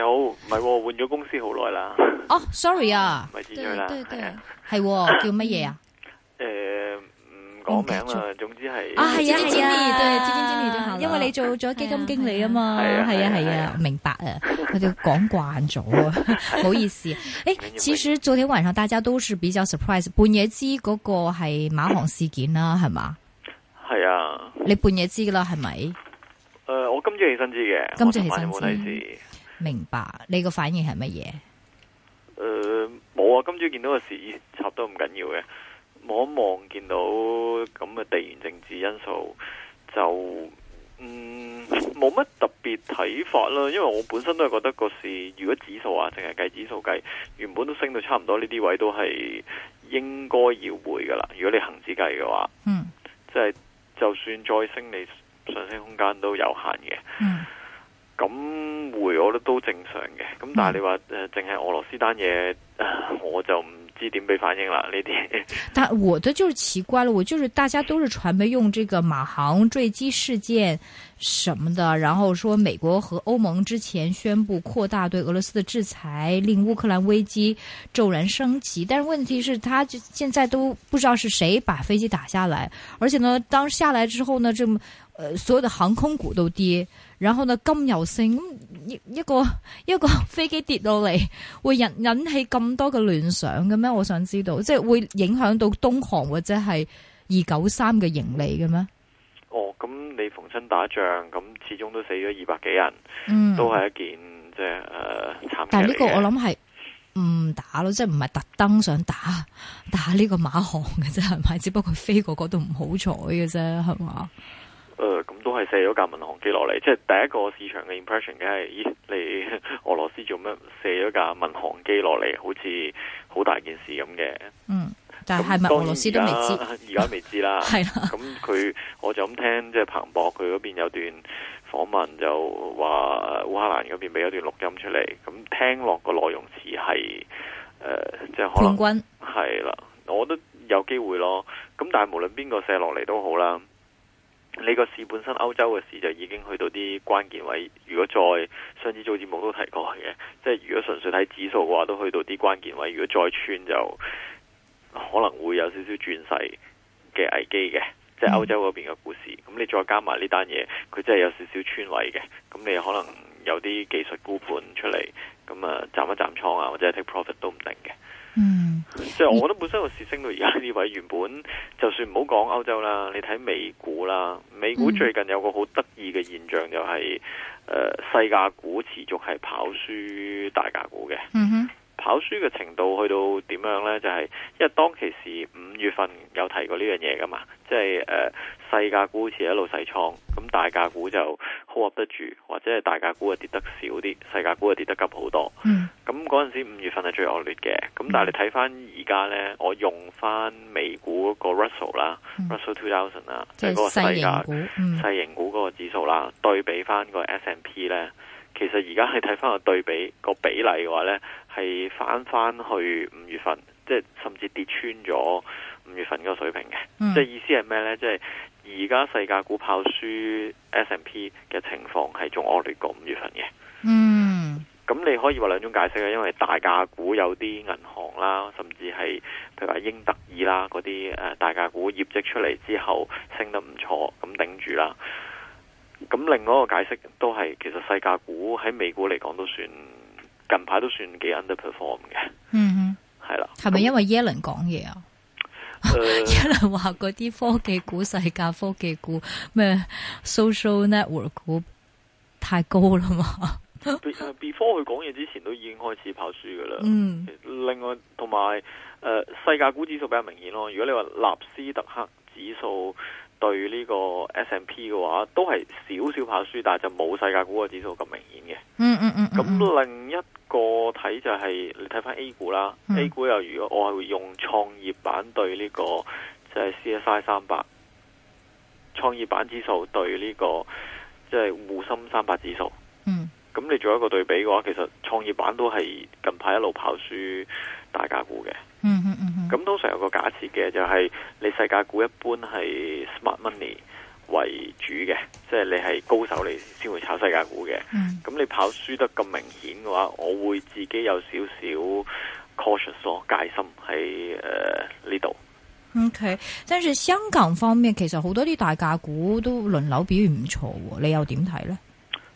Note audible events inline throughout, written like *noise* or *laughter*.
你好，唔係換咗公司好耐啦。哦，sorry 啊，唔係變咗啦，係叫乜嘢啊？誒，唔講名啊，總之係啊，知知知，因為你做咗基金經理啊嘛，係啊係啊，明白啊，我哋講慣咗，唔好意思。誒，其實昨天晚上大家都是比較 surprise，半夜知嗰個係馬航事件啦，係嘛？係啊，你半夜知嘅啦，係咪？誒，我今朝起身知嘅，今朝起身知。明白，你個反應係乜嘢？誒、呃，冇啊！今朝見到個市插都唔緊要嘅，望一望見到咁嘅地緣政治因素，就嗯冇乜特別睇法啦。因為我本身都係覺得個市，如果指數啊淨係計指數計，原本都升到差唔多呢啲位，都係應該要回噶啦。如果你恒指計嘅話，嗯，即係就，就算再升，你上升空間都有限嘅。正常嘅，咁但係你話誒，淨係俄羅斯單嘢，我就唔知點俾反應啦呢啲。但我的就是奇怪了，我就是大家都是傳媒用這個馬航墜機事件什麼的，然後說美國和歐盟之前宣布擴大對俄羅斯的制裁，令烏克蘭危機驟然升級。但係問題是，他就現在都不知道是誰把飛機打下來，而且呢，當下來之後呢，這麼，呃，所有的航空股都跌，然後呢，金又升。一個一個飛機跌落嚟會引引起咁多嘅亂想嘅咩？我想知道，即係會影響到東航或者係二九三嘅盈利嘅咩？哦，咁你逢親打仗咁始終都死咗二百幾人，嗯、都係一件即係誒，呃、慘，但係呢個我諗係唔打咯，即係唔係特登想打打呢個馬航嘅啫，係咪？只不過飛過嗰度唔好彩嘅啫，係嘛？誒，咁、呃、都係射咗架民航機落嚟，即係第一個市場嘅 impression，梗係，咦，你俄羅斯做咩射咗架民航機落嚟？好似好大件事咁嘅。嗯，但係唔係俄羅斯都未知，而家未知啦。係啦 *laughs* 是的，咁佢我就咁聽，即、就、係、是、彭博佢嗰邊有段訪問就話烏克蘭嗰邊俾一段錄音出嚟，咁聽落個內容似係誒，即、呃、係、就是、可能係啦，我覺得有機會咯。咁但係無論邊個射落嚟都好啦。你個市本身歐洲嘅市就已經去到啲關鍵位，如果再上次做節目都提過嘅，即係如果純粹睇指數嘅話，都去到啲關鍵位。如果再穿就可能會有少少轉勢嘅危機嘅。即係歐洲嗰邊嘅股市。咁、嗯、你再加埋呢單嘢，佢真係有少少穿位嘅。咁你可能有啲技術沽盤出嚟，咁啊，站一站倉啊，或者 take profit 都唔定嘅。嗯，即係我覺得本身個市升到而家呢位，原本就算唔好講歐洲啦，你睇美股啦，美股最近有個好得意嘅現象就係、是，誒、呃、細價股持續係跑輸大價股嘅。嗯哼。跑輸嘅程度去到點樣呢？就係因為當其時五月份有提過呢樣嘢噶嘛，即係誒細價股好似一路洗倉，咁大價股就 hold 得住，或者係大價股啊跌得少啲，細價股啊跌得急好多。嗯，咁嗰陣時五月份係最惡劣嘅。咁、嗯、但係你睇翻而家呢，我用翻美股個 Russell 啦，Russell Two、嗯、Thousand 啦，sel 2000, 即係嗰個細型股、細、嗯、型股嗰個指數啦，對比翻個 S and P 呢。其實而家係睇翻個對比、個比例嘅話呢係翻翻去五月份，即係甚至跌穿咗五月份嗰個水平嘅。嗯、即係意思係咩呢？即係而家細價股跑輸 S&P 嘅情況係仲惡劣過五月份嘅。嗯，咁你可以話兩種解釋啦，因為大價股有啲銀行啦，甚至係譬如話英特爾啦嗰啲誒大價股業績出嚟之後升得唔錯，咁頂住啦。咁另外一個解釋都係，其實世界股喺美股嚟講都算近排都算幾 underperform 嘅。嗯哼，係啦了。係咪因為耶倫講嘢啊？耶倫話嗰啲科技股、世界科技股、咩 social network 股太高啦嘛。 *laughs* before 佢講嘢之前都已經開始跑輸噶啦。嗯。另外同埋誒世界股指數比較明顯咯。如果你話納斯達克指數。對呢個 S&P 嘅話，都係少少跑輸，但係就冇世界股嘅指數咁明顯嘅、嗯。嗯嗯嗯。咁另一個睇就係、是、你睇翻 A 股啦、嗯、，A 股又如果我係用創業板對呢、這個即係、就是、C S I 三百，創業板指數對呢、這個即係滬深三百指數。嗯。咁你做一個對比嘅話，其實創業板都係近排一路跑輸大家股嘅。嗯哼嗯嗯，咁通常有個假設嘅就係、是、你世界股一般係 smart money 為主嘅，即係你係高手嚟，先會炒世界股嘅。咁、嗯、你跑輸得咁明顯嘅話，我會自己有少少 cautious 咯，戒心喺誒呢度。呃、OK，跟住香港方面，其實好多啲大價股都輪流表現唔錯，你又點睇呢？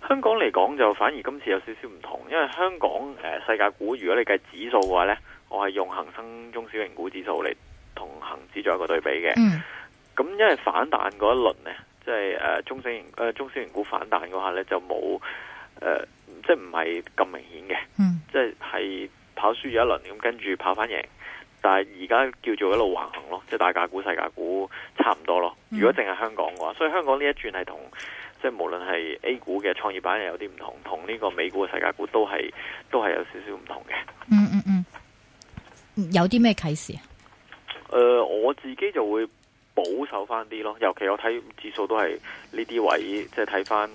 香港嚟講就反而今次有少少唔同，因為香港誒、呃、世界股，如果你計指數嘅話呢。我係用恒生中小型股指數嚟同恒指做一個對比嘅，咁、嗯、因為反彈嗰一輪呢，即係誒中小型誒中小型股反彈嗰下呢，就冇誒即係唔係咁明顯嘅，即係係跑輸咗一輪，咁跟住跑翻贏，但係而家叫做一路橫行咯，即、就、係、是、大價股、世界股差唔多咯。嗯、如果淨係香港嘅話，所以香港呢一轉係同即係無論係 A 股嘅創業板又有啲唔同，同呢個美股嘅世界股都係都係有少少唔同嘅。嗯嗯嗯。有啲咩啟示啊？誒、呃，我自己就會保守翻啲咯，尤其我睇指數都係呢啲位，即係睇翻，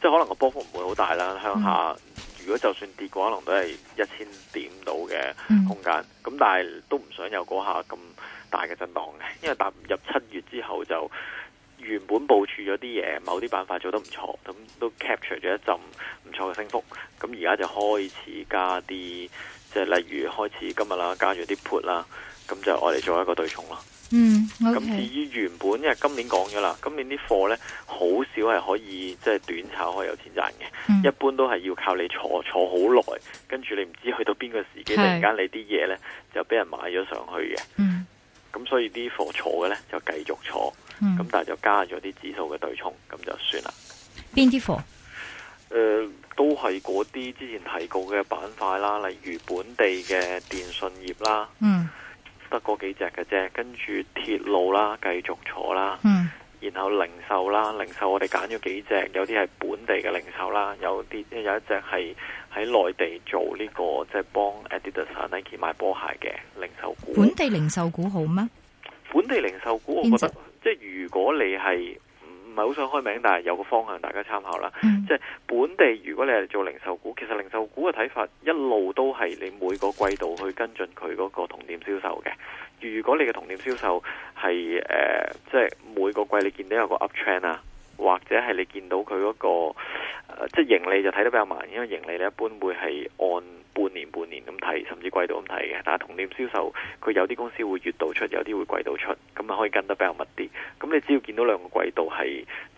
即係可能個波幅唔會好大啦，向下。嗯、如果就算跌過，可能都係一千點度嘅空間。咁、嗯、但係都唔想有嗰下咁大嘅震盪嘅，因為踏入七月之後就原本部署咗啲嘢，某啲板塊做得唔錯，咁都 capture 咗一陣唔錯嘅升幅。咁而家就開始加啲。即係例如開始今日啦，加咗啲 put 啦，咁就我哋做一個對沖咯。嗯，咁至於原本因為今年講咗啦，今年啲貨咧好少係可以即係、就是、短炒可以有錢賺嘅，mm. 一般都係要靠你坐坐好耐，跟住你唔知去到邊個時機，是突然間你啲嘢咧就俾人買咗上去嘅。嗯，咁所以啲貨坐嘅咧就繼續坐，咁、mm. 但係就加咗啲指數嘅對沖，咁就算啦。邊啲貨？誒、呃。都係嗰啲之前提過嘅板塊啦，例如本地嘅電信業啦，嗯，得嗰幾隻嘅啫。跟住鐵路啦，繼續坐啦，嗯，然後零售啦，零售我哋揀咗幾隻，有啲係本地嘅零售啦，有啲有一隻係喺內地做呢個即係幫 Adidas、Nike 賣波鞋嘅零售股。本地零售股好咩？本地零售股，我覺得隻即係如果你係。唔係好想開名，但係有個方向，大家參考啦。嗯、即係本地，如果你係做零售股，其實零售股嘅睇法一路都係你每個季度去跟進佢嗰個同店銷售嘅。如果你嘅同店銷售係誒、呃，即係每個季你見到有個 up trend 啊。或者係你見到佢嗰個，呃、即係盈利就睇得比較慢，因為盈利咧一般會係按半年、半年咁睇，甚至季度咁睇嘅。但係同店銷售，佢有啲公司會月度出，有啲會季度出，咁咪可以跟得比較密啲。咁你只要見到兩個季度係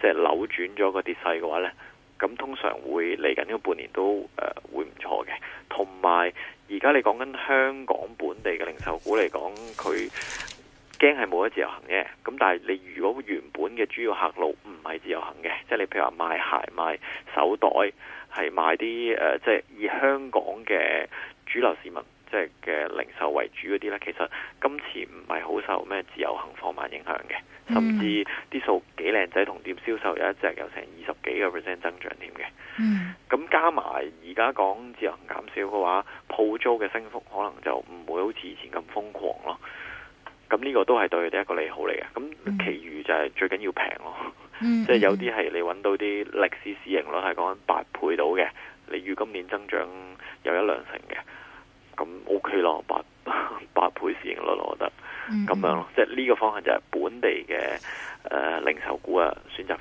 即係扭轉咗個跌勢嘅話呢，咁通常會嚟緊呢個半年都誒、呃、會唔錯嘅。同埋而家你講緊香港本地嘅零售股嚟講，佢。驚係冇得自由行嘅，咁但係你如果原本嘅主要客路唔係自由行嘅，即係你譬如話賣鞋賣手袋，係賣啲誒，即、呃、係、就是、以香港嘅主流市民即係嘅零售為主嗰啲呢，其實今次唔係好受咩自由行放慢影響嘅，甚至啲數幾靚仔，同店銷售有一隻有成二十幾個 percent 增長添嘅。嗯，咁加埋而家講自由行減少嘅話，鋪租嘅升幅可能就唔會好似以前咁瘋狂咯。咁呢個都係對佢哋一個利好嚟嘅，咁其餘就係最緊要平咯，即係、嗯、 *laughs* 有啲係你揾到啲歷史市盈率係講緊八倍到嘅，你預今年增長有一兩成嘅，咁 OK 咯，八八倍市盈率我覺得，咁、嗯、樣咯，即係呢個方向就係本地嘅、呃、零售股啊選擇。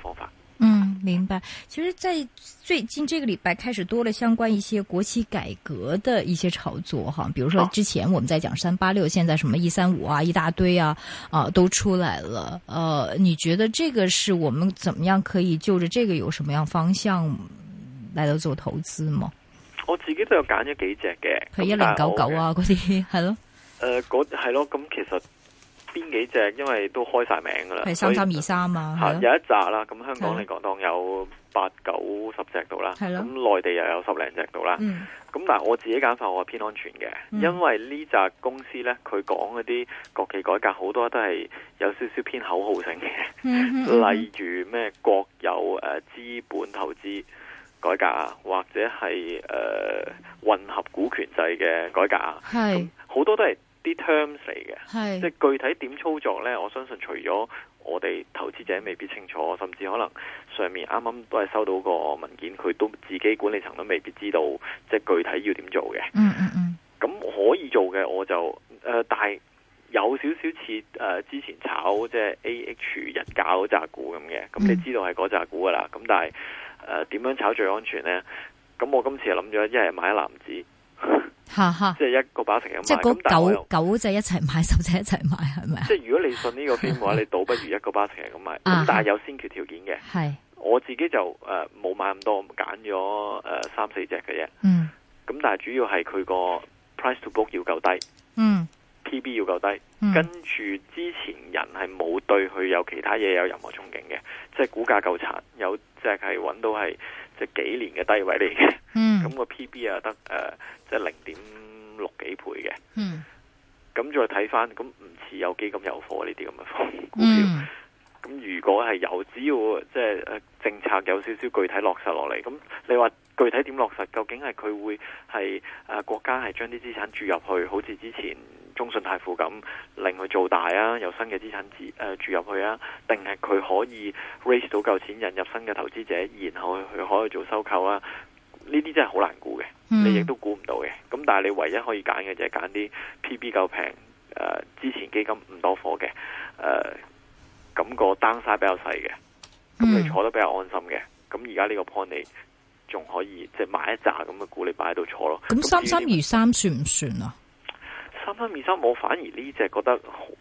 明白，其實，在最近這個禮拜開始多了相關一些國企改革的一些炒作哈，比如說之前我們在講三八六，現在什麼一三五啊，一大堆啊，啊都出來了。呃，你覺得這個是我們怎麼樣可以就着這個有什麼樣方向來到做投資嗎？我自己都有揀咗幾隻嘅，譬如一零九九啊，嗰啲係咯，呃，嗰係咯，咁其實。邊幾隻？因為都開晒名噶啦，係三三二三啊！有一扎啦，咁香港你講當有八九十隻度啦，咁內的地又有十零隻度啦。咁的但係我自己揀法，我係偏安全嘅，的因為呢扎公司咧，佢講嗰啲國企改革好多都係有少少偏口號性嘅，嗯哼嗯哼，例如咩國有誒資本投資改革啊，或者係誒、呃、混合股權制嘅改革啊，係好的多都係。啲 terms 嚟嘅，是即係具體點操作呢？我相信除咗我哋投資者未必清楚，甚至可能上面啱啱都係收到個文件，佢都自己管理層都未必知道，即係具體要點做嘅。咁、嗯嗯嗯、可以做嘅，我就誒、呃，但係有少少似誒、呃、之前炒、呃、之前炒即係 A H 日搞嗰扎股咁嘅，咁你知道係嗰扎股噶啦。咁、嗯、但係誒點樣炒最安全呢？咁我今次諗咗，一係買一籃子。 *laughs* 吓吓， *music* 即係一個把成一，即係嗰九九隻一齊買，十隻一齊買，係咪？即係如果你信呢個偏嘅話， *laughs* 的你倒不如一個把成咁買，咁、啊、但係有先決條件嘅。係的，我自己就誒冇、呃、買咁多，揀咗誒三四隻嘅啫。嗯，咁但係主要係佢個 price to book 要夠低，嗯，PB 要夠低，嗯、跟住之前人係冇對佢有其他嘢有任何憧憬嘅，即係股價夠殘，有隻係搵到係。即幾年嘅低位嚟嘅，咁個、嗯、PB 啊得誒，即係零點六幾倍嘅，咁、嗯、再睇翻，咁唔似有基金有貨呢啲咁嘅股票，咁、嗯、如果係有，只要即係誒政策有少少具體落實落嚟，咁你話。具體點落實，究竟係佢會係誒、啊、國家係將啲資產注入去，好似之前中信泰富咁，令佢做大啊，有新嘅資產、呃、注入去啊，定係佢可以 raise 到夠錢引入新嘅投資者，然後佢可以做收購啊？呢啲真係好難估嘅，你亦都估唔到嘅。咁但係你唯一可以揀嘅就係揀啲 PB 夠平誒，之前基金唔多貨嘅誒，咁、呃那個 downside 比較細嘅，咁你坐得比較安心嘅。咁而家呢個 point 你？仲可以即係、就是，買一紮咁嘅股，你擺喺度坐咯。咁三三二三算唔算啊？三三二三，我反而呢隻覺得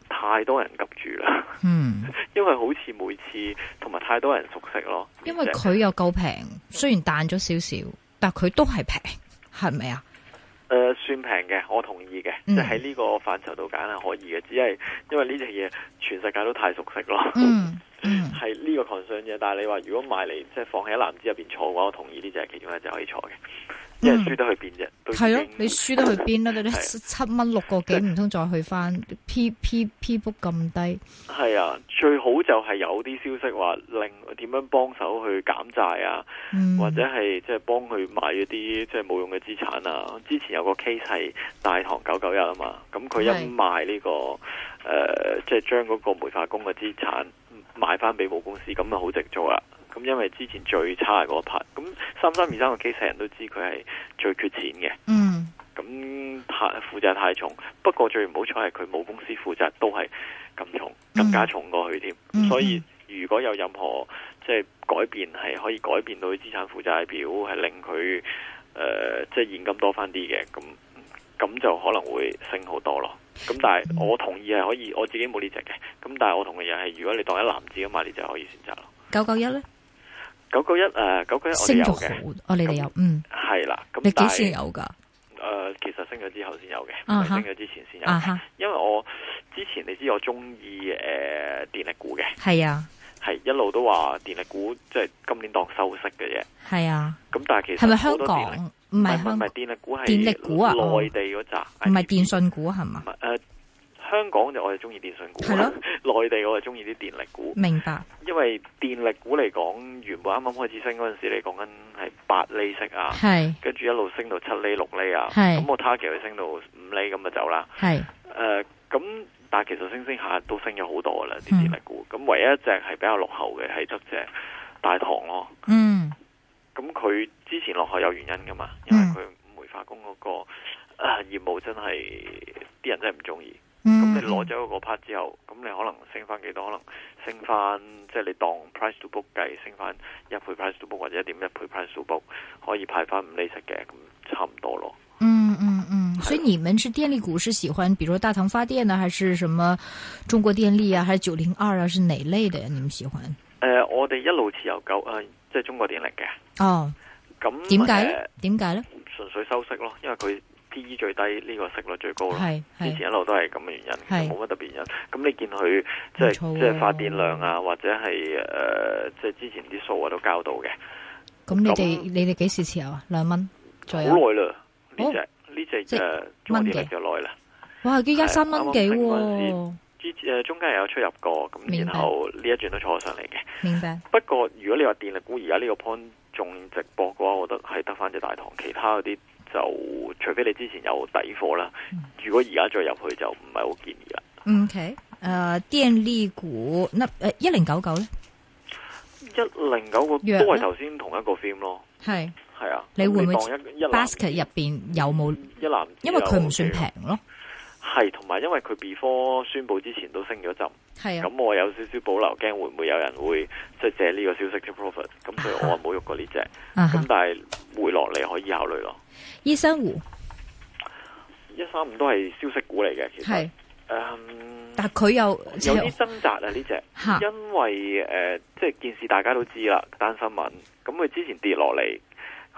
太多人急住啦。嗯，因為好似每次同埋太多人熟悉咯。因為佢又夠平，雖然彈咗少少，但佢都係平，係咪啊？誒、呃，算平嘅，我同意嘅，即係喺呢個範疇度揀係可以嘅。只係因為呢隻嘢全世界都太熟悉咯。嗯。嗯，係呢個 concern 啫，但係你話，如果買嚟即係放喺籃子入邊坐嘅話，我同意呢隻係其中一隻可以坐嘅，因為輸得去邊啫，都係咯，你輸得去邊啦，啲 *laughs* 是七蚊六個幾，唔通再去翻 P P P book 咁低？係啊，最好就係有啲消息話令點樣幫手去減債啊，嗯、或者係即係幫佢買一啲即係冇用嘅資產啊。之前有個 case 係大唐九九一啊嘛，咁佢一賣呢、這個誒，即係將嗰個煤化工嘅資產。買翻俾母公司咁咪好直做啦？咁因為之前最差嗰一 part，咁三三二三個機器人都知佢係最缺錢嘅。嗯，咁負債太重，不過最唔好彩係佢母公司負責都係咁重，更加重過佢添。嗯、所以如果有任何即係、即係、改變，係可以改變到啲資產負債表，係令佢誒即係現金多翻啲嘅，咁咁就可能會升好多咯。咁、嗯、但係我同意係可以，我自己冇呢隻嘅。咁但係我同嘅人係，如果你當一男子嘅話，你就可以選擇咯。九九一咧？九九一誒，九九一我都有嘅，我你哋有，那嗯。係啦，咁你幾時有噶？誒、呃，其實升咗之後先有嘅，升咗之前先有、uh huh. 因為我之前你知我中意誒電力股嘅，係啊。係一路都話電力股，即係今年當收息嘅嘢。係啊，咁但係其實係咪香港唔係唔係電力股係電力股啊？內地嗰扎唔係電信股係嘛？唔係誒，香港我就我哋中意電信股，係咯、啊。內 *laughs* 地我哋中意啲電力股。明白、啊。因為電力股嚟講，原本啱啱開始升嗰陣時，你講緊係八厘息啊，係跟住一路升到七厘六厘啊，係咁是我睇下，target 升到五厘咁就走啦。係誒咁。呃但係其實升升下都升咗好多噶啦啲電力股，咁、嗯、唯一一隻係比較落後嘅係隻大堂咯。嗯，咁佢之前落後有原因噶嘛？因為佢煤化工嗰、那個啊、呃、業務真係啲人真係唔中意。咁、嗯、你攞咗嗰 part 之後，咁你可能升翻幾多少？可能升翻即係你當 price to book 計，升翻一倍 price to book 或者一點一倍 price to book 可以派翻五厘息嘅，咁差唔多咯。所以你們是電力股，是喜歡，比如大唐發電呢，還是什麼中國電力啊，還是九零二啊，是哪類的你們喜歡？我哋一路持有九，即係中國電力嘅。哦，咁點解？點解呢？純粹收息咯，因為佢 D 最低呢個息率最高咯。之前一路都係咁嘅原因，冇乜特別原因。咁你見佢即係即係發電量啊，或者係誒即係之前啲數都交到嘅。咁你哋你哋幾時持有啊？兩蚊好耐啦呢隻。呢隻誒，中電力就耐啦。哇，而家三蚊幾？之前誒，中間又有出入過，咁然後呢一轉都坐咗上嚟嘅。明白。不過如果你話電力股而家呢個 point 仲直播嘅話，我覺得係得翻隻大堂，其他嗰啲就除非你之前有底貨啦。嗯、如果而家再入去就唔係好建議啦。OK，誒，電力股一零九九咧，一零九個都係頭先同一個 theme 咯。係。係啊，你會唔會一 Basket 入邊有冇一籃？因為佢唔算平咯。係，同埋因為佢 B 科宣布之前都升咗浸，係啊。咁我有少少保留，驚會唔會有人會即係借呢個消息 to profit。咁所以我冇喐過呢隻。咁但係回落嚟，可以考慮咯。醫生湖，一三五都係消息股嚟嘅，其實。係。但佢有有啲掙扎啊呢隻，因為誒即係件事大家都知啦，單新聞。咁佢之前跌落嚟。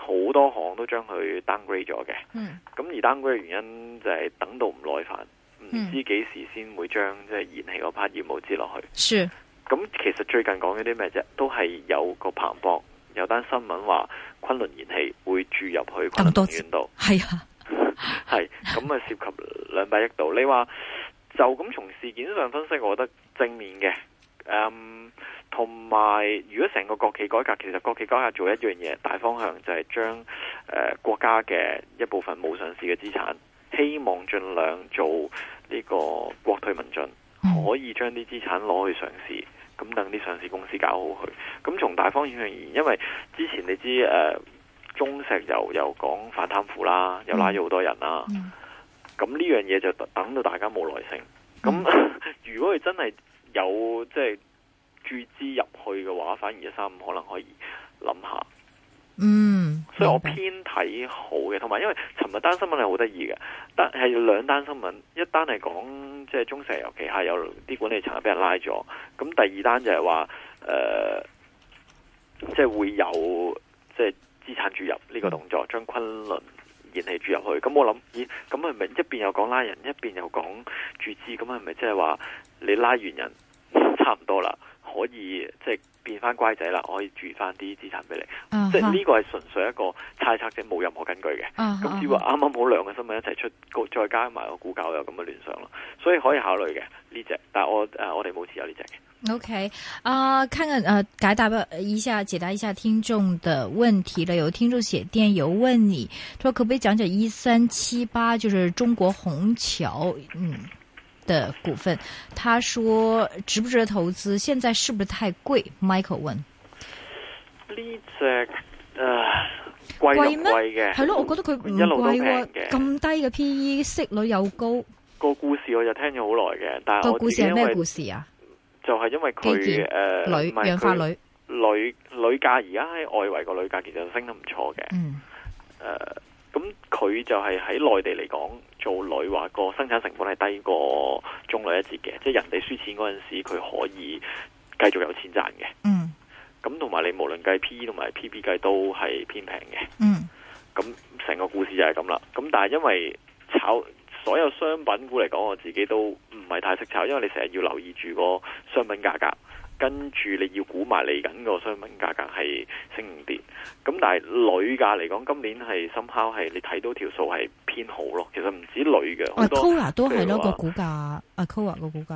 好多行都將佢 downgrade 咗嘅，咁、嗯、而 downgrade 嘅原因就係等到唔耐煩，唔、嗯、知幾時先會將即係燃氣嗰 part 業務接落去。是，咁其實最近講嗰啲咩啫，都係有個彭博。有單新聞話昆崙燃氣會注入去昆崙能源度，係啊，係咁啊涉及兩百億度。你話就咁從事件上分析，我覺得正面嘅，um, 同埋，如果成個國企改革，其實國企改革做一樣嘢，大方向就係將誒、呃、國家嘅一部分冇上市嘅資產，希望盡量做呢個國退民進，可以將啲資產攞去上市，咁等啲上市公司搞好佢。咁從大方向而言，因為之前你知誒中、呃、石油又講反貪腐啦，又拉咗好多人啦，咁呢、嗯、樣嘢就等到大家冇耐性。咁、嗯、 *laughs* 如果佢真係有即係。就是注資入去嘅話，反而一三五可能可以諗下。嗯，所以我偏睇好嘅，同埋因為尋日單新聞係好得意嘅，但係兩單新聞，一單係講即係中石油旗下有啲管理層係俾人拉咗，咁第二單就係話誒，即係會有即係資產注入呢個動作，將崑崙燃氣注入去。咁我諗咦，咁係咪一邊又講拉人，一邊又講注資？咁係咪即係話你拉完人差唔多啦？可以即係變翻乖仔啦，我可以注翻啲資產俾你，uh huh。即係呢個係純粹一個猜測，即冇任何根據嘅。咁只話啱啱好兩個新聞一齊出，再加埋個股教有咁嘅聯想咯，所以可以考慮嘅呢隻。但係我誒、呃，我哋冇持有呢隻嘅。O K，啊，睇睇啊，解答一下解答一下聽眾嘅問題啦。有聽眾寫電郵問你，說可唔可以講解一三七八，就是中國宏橋，嗯。的股份，他說值不值得投資？現在是不是太貴？Michael 問。貴咩嗎？係咯，我覺得佢唔貴嘅，咁低嘅 PE，息率又高。個故事我就聽咗好耐嘅，但係我個故事係咩故事啊？就係因為佢誒，啲氧化鋁，鋁價而家喺外圍個鋁價其實升得唔錯嘅。嗯。誒。咁佢、嗯、就係喺內地嚟講，做鋁話個生產成本係低過中鋁一截嘅，即係人哋輸錢嗰陣時，佢可以繼續有錢賺嘅、嗯嗯。嗯，咁同埋你無論計 PE 同埋 PP 計都係偏平嘅。嗯，咁成個故事就係咁啦。咁但係因為炒所有商品股嚟講，我自己都唔係太識炒，因為你成日要留意住個商品價格。跟住你要估埋嚟緊個商品價格係升跌，咁、嗯、但係鋁價嚟講，今年係深拋係你睇到條數係偏好咯。其實唔止鋁嘅，好、啊、多，譬如 Alcoa 都係咯個股價，阿、啊、Alcoa 個股價。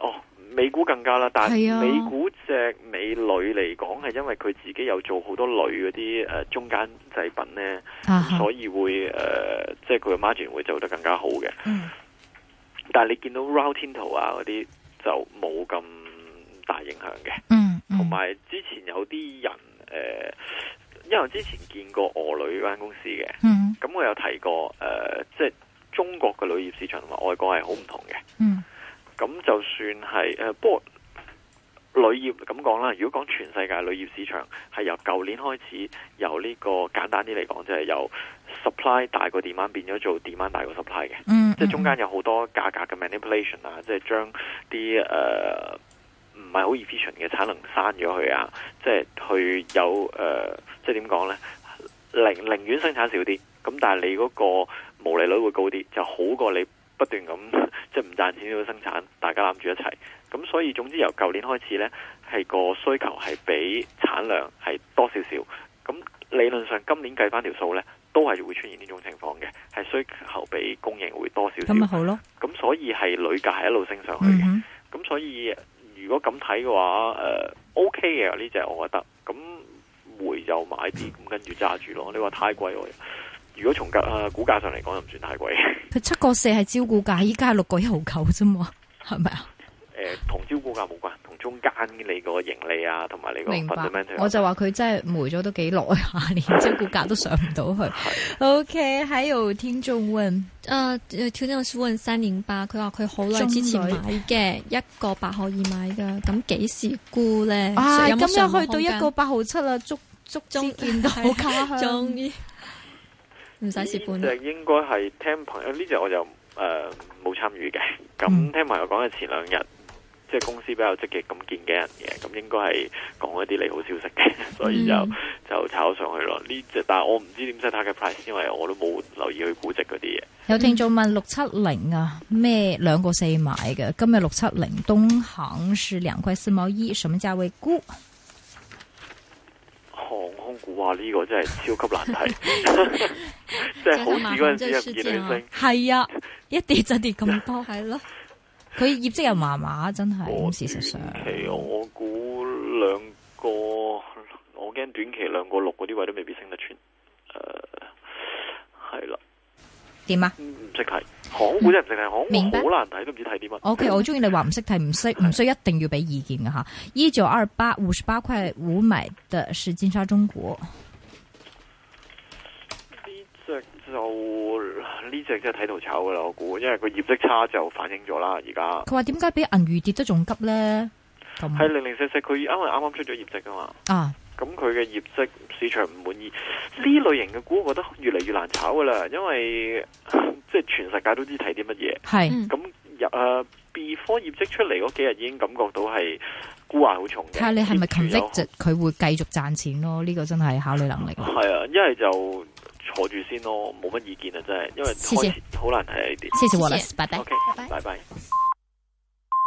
哦，美股更加啦，但係美股隻美鋁嚟講，係因為佢自己有做好多鋁嗰啲誒中間製品咧，啊、所以會誒即、呃、係佢、就、嘅、是、margin 會做得更加好嘅。嗯、但係你見到 Rio Tinto 啊嗰啲就冇咁。大影響嘅、嗯，嗯，同埋之前有啲人誒、呃，因為之前見過俄女俄鋁嗰間公司嘅，嗯，咁我有提過，誒、呃，即、就、係、是、中國嘅鋁業市場同埋外國係好唔同嘅，嗯，咁就算係誒、呃，不過鋁業咁講啦，如果講全世界鋁業市場係由舊年開始，由呢、這個簡單啲嚟講，就係、是、由 supply 大過 demand 變咗做 demand 大過 supply 嘅、嗯，嗯，即係中間有好多價格嘅 manipulation 啊，即係將啲誒。唔係好 efficient 嘅產能刪咗佢啊！即係去有誒、呃，即係點講呢？寧寧願生產少啲，咁但係你嗰個毛利率會高啲，就好過你不斷咁即係唔賺錢都要生產，大家攬住一齊。咁所以總之由舊年開始呢，係個需求係比產量係多少少。咁理論上今年計翻條數呢，都係會出現呢種情況嘅，係需求比供應會多少少。咁咪好咯？咁所以係鋁價係一路升上去嘅。咁、嗯、哼所以。如果咁睇嘅話，誒、呃、OK 嘅呢隻我覺得，咁回就買啲，咁跟住揸住咯。你話太貴喎，如果從價，誒、呃，股價上嚟講又唔算太貴。佢七個四係招股價，依家係六個一毫九啫嘛，係咪啊？誒，同招股價冇關，同中間你個盈利啊，同埋你個 fundamental。我就話佢真係霉咗都幾耐，連招股價都上唔到去。 *laughs* 的 OK，喺度聽眾問，誒、啊，聽眾是問三零八，佢話佢好耐之前買嘅一個八毫二買噶，咁幾時沽咧？咁、啊、今日去到一個八毫七啦，足足之見到好卡香。唔使蝕本，呢隻應該係聽朋友呢隻，隻我就誒冇參與嘅。咁、呃、聽朋友講嘅前兩日。嗯。即係公司比較積極咁見嘅人嘅，咁應該係講一啲利好消息嘅，所以就、嗯、就炒上去咯。呢隻但係我唔知點解睇嘅 price，因為我都冇留意佢估值嗰啲嘢。有聽眾問六七零啊咩兩個四買嘅，今日六七零東航是兩塊四毛一，什麼價位沽？航空股啊，呢、這個真係超級難睇，即係好少個人一見兩升，係 *laughs* 啊，一跌就跌咁多，係咯。佢業績又麻麻，真係。短期我估兩個，我驚短期兩個六嗰啲位都未必升得全。誒、呃，係啦。點啊？唔識睇，港股真係淨係股好難睇，都唔知睇啲乜。O Okay , K，、嗯、我中意你話唔識睇，唔需唔是需一定要俾意見㗎。吓。一九二八五十八塊五買嘅是金沙中國。就呢隻真係睇到炒噶啦，我估，因為佢業績差就反映咗啦，而家。佢話點解比銀娛跌得仲急咧？係是、嗯、零零四四，佢因為啱啱出咗業績噶嘛。啊，咁佢嘅業績市場唔滿意，呢類型嘅股我覺得越嚟越難炒噶啦，因為即係、呃、全世界都知睇啲乜嘢。係是，咁入 B 科業績出嚟嗰幾日已經感覺到係孤寒好重嘅。睇下你係咪勤力，佢會繼續賺錢咯？呢、這個真係考慮能力。係啊，因為就。坐住先咯，冇乜意見啊，真係，因為開始好難睇啲。謝謝我啦，OK, 拜拜。OK，拜拜。